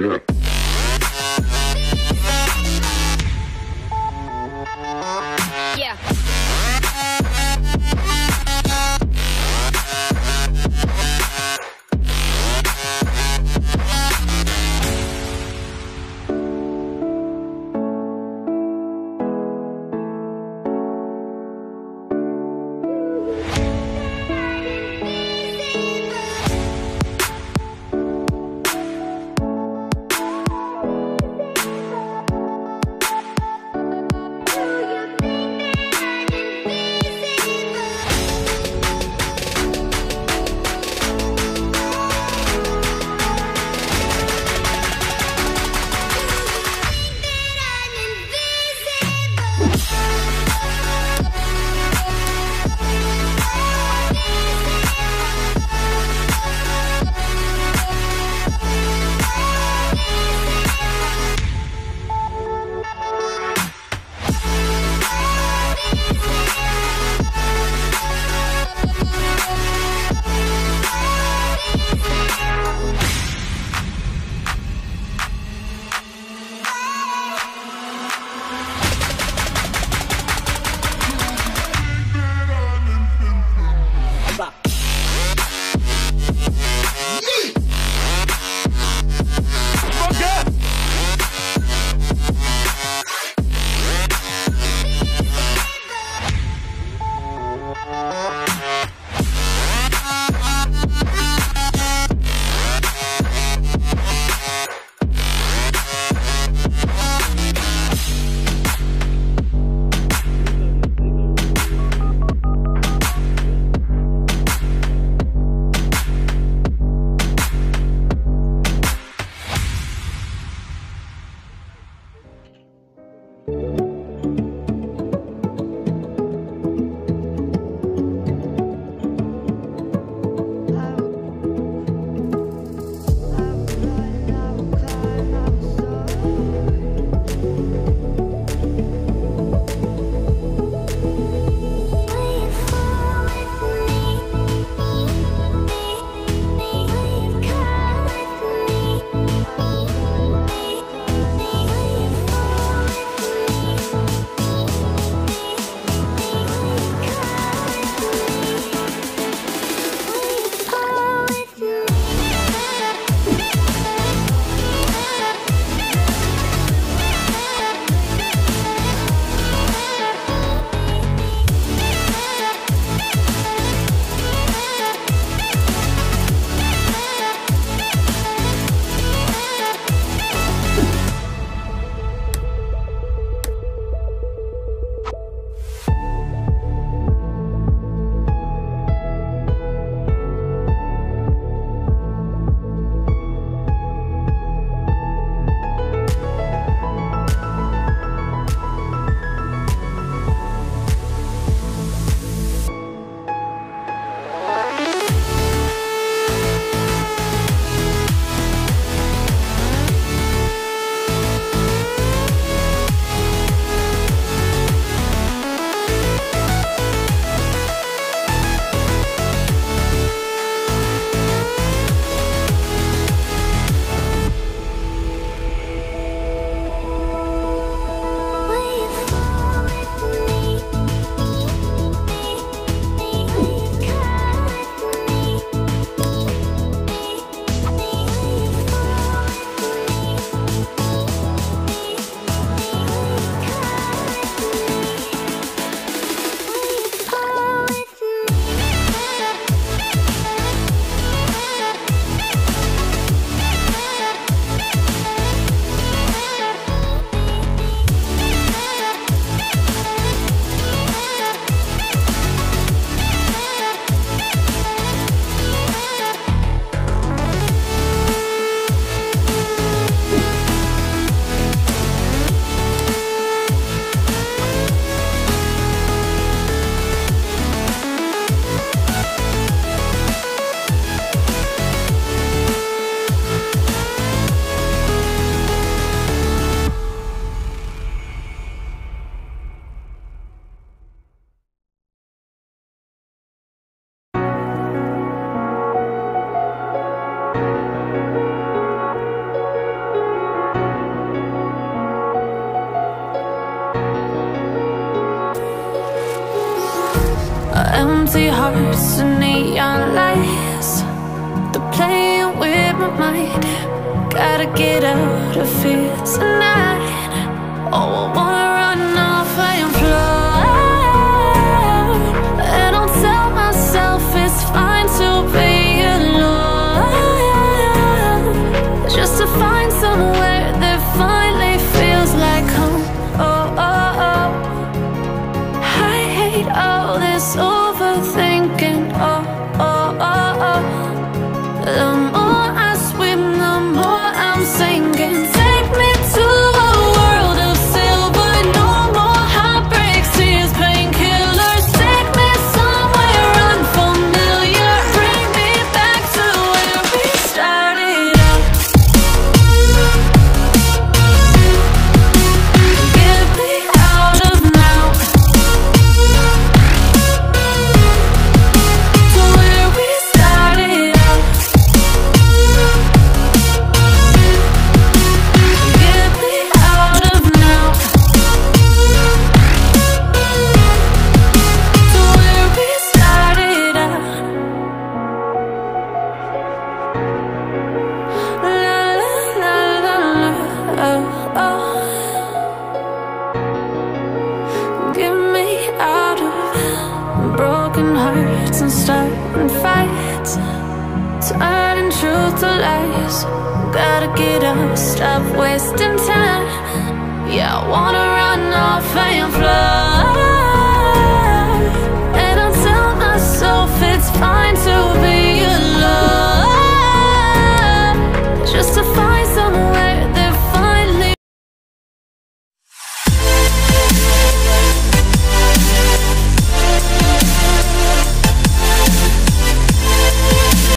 Yeah. Empty hearts and neon lights They're playing with my mind Gotta get out of here tonight Oh, I want and fight Turning truth to lies Gotta get up, stop wasting time Yeah, I wanna run off and fly